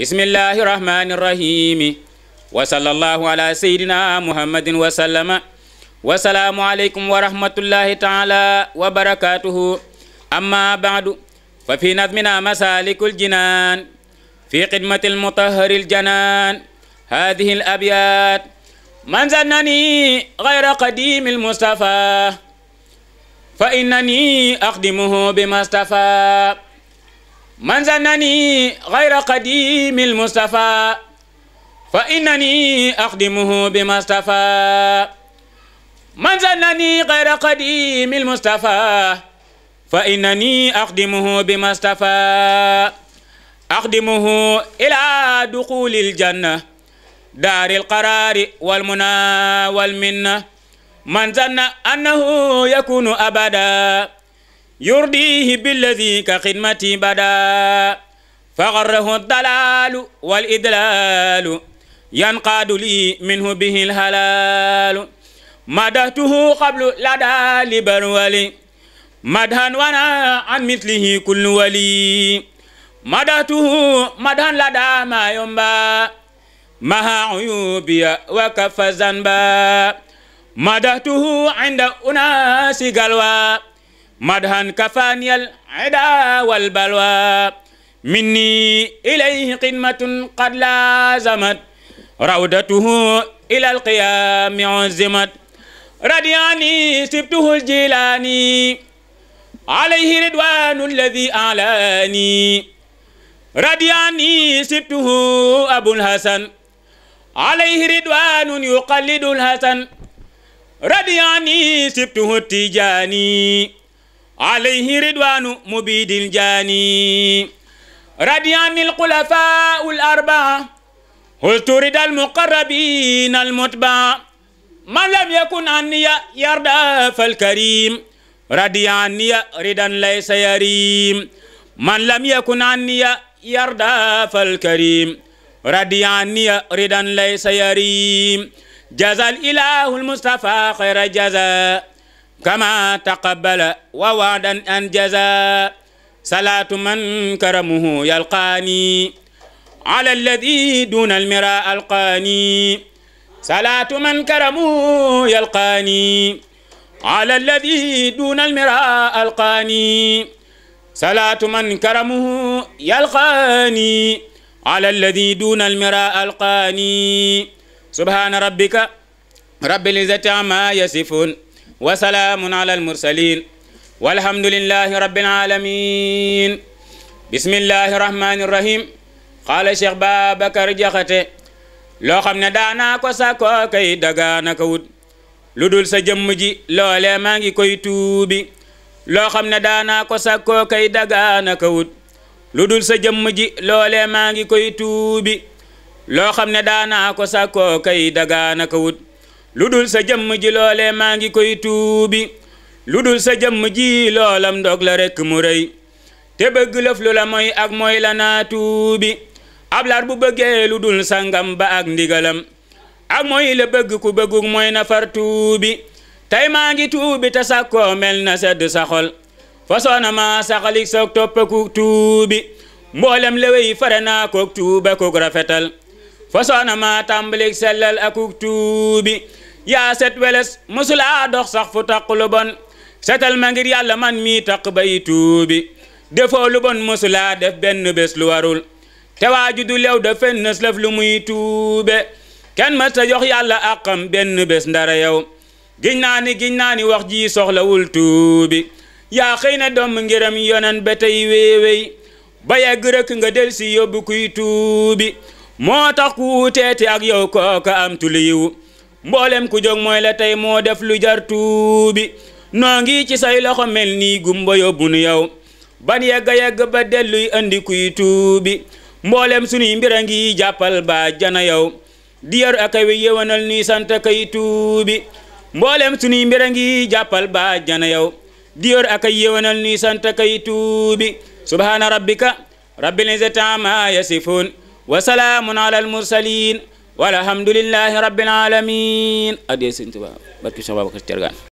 bismillahi rahmani rahimi wa sallallahu ala sayyidina muhammadin wa sallama wa salaamu aleykum wa rahmatullahi taala wa barakatuhu amma baadu fa fi nadmina masalikul jinaan fi xidmatil mutahharil janaan هذه الأبيات من زنني غير قديم المصطفى فإنني أخدمه بما استفى man zanani xayra qadimi almustafa fa innani axdimuhu bimastafa man zanani xayra qadimi almustafa fa innani axdimuhu bimastafa axdimuhu ila duxuli aljanna daari alqaraari walmuna walminna man zanna annahu yakunu abada يرضيه بالذي كخدمتي بدا فغره الضلال والإدلال ينقاد لي منه به الهلال مدحته قبل لدى لبرولي مدحا وانا عن مثله كل ولي مدحته مدحا لدى ما ينبى مها عيوبي وكف ذنبا مدحته عند أناس قلوى مدها كفاني العدا والبلوى مني إليه قمة قد لازمت روضته إلى القيام عزمت رضياني سبته الجيلاني عليه رضوان الذي أعلاني رضياني سبته أبو الحسن عليه رضوان يقلد الحسن رضياني سبته التجاني عليه رضوان مبيد الجاني رضي عن الخلفاء الأربعة قلت رضا المقربين المتبع من لم يكن عني يرضى فالكريم رضي عني رضا ليس يريم من لم يكن عني يرضى فالكريم رضي عني رضا ليس يريم جزى الإله المصطفى خير جزاء كما تقبل ووعدا أنجزا صلاة من كرمه يلقاني على الذي دون المراء ألقاني صلاة من كرمه يلقاني على الذي دون المراء ألقاني صلاة من كرمه يلقاني على الذي دون المراء ألقاني سبحان ربك رب العزة عما يصفون wa salaamun ala almursalin walhamdulillahi rabbil alamin bismillahi rahmani rahim qaala cheikh Babacar Jaxate loo xam ne daanaa ko sàkkoo kay dagaana ko wut lu sa jëmm ji ngi koy tuubi loo xam ne daanaa ko sàkkoo kay dagaana dul sa jëmm ji maa ngi koy tuubi xam ne daanaa ko sàkkoo kay lu dul sa jëmm ji loolee maa ngi koy tuubi lu dul sa jëmm ji loolam ndog la rekk mu rëy te bëgg lëf lu la mooy ak mooy la naa tuubi ablar bu bëggee lu dul sangam ba ak ndigalam ak mooy bëgg ku bëgguk mooy na far tuubi tey maa ngi tuubi te sakkoo mel na sedd sa xol fasoona maa saxalik soog toppaku tuubi mboolem lewey fare naa kook tuuba kook rafetal fasoona maa tàmbalik sellal akuk tuubi yaa set weles mësulaa dox sax fu taq lu bon setal ma ngir yàlla man mii taq bay tuubi defoo bon mësulaa def benn bés lu warul te waaju du lew da fen nës lu muy tuube kenn mës ta yàlla àqam benn bés ndara yow giñ naa naa ni wax ji soxlawul tuubi yaa xëy na doom ngiram yonan ba tey wéewéy ba yegg rek nga del yóbbu kuy tuubi moo tax ku ak yow kooka am tu liiw mboolem ku jóg mooy la tey moo def lu jar tuubi noo ngi ci say loxo mel nii gumba bunu nu yow ban yegg-yegg ba delluy andi kuy tuubi mboolem sunuy mbir ngi jàppal ba jana yow di yar ak awi yëwanal nuy sant kay tuubi mboolem sunuy mbir a ngi jàppal ba jana yow diyor yar ak ay yëwanal nuy sant kay tuubi subhaana rabbika rabbil izzati amma yasifun wa salaamun ala al mursalin walhamdulillahi rabbil alamin adiyee sëñ Tuubaa barki Cheikh Babacar Thiergane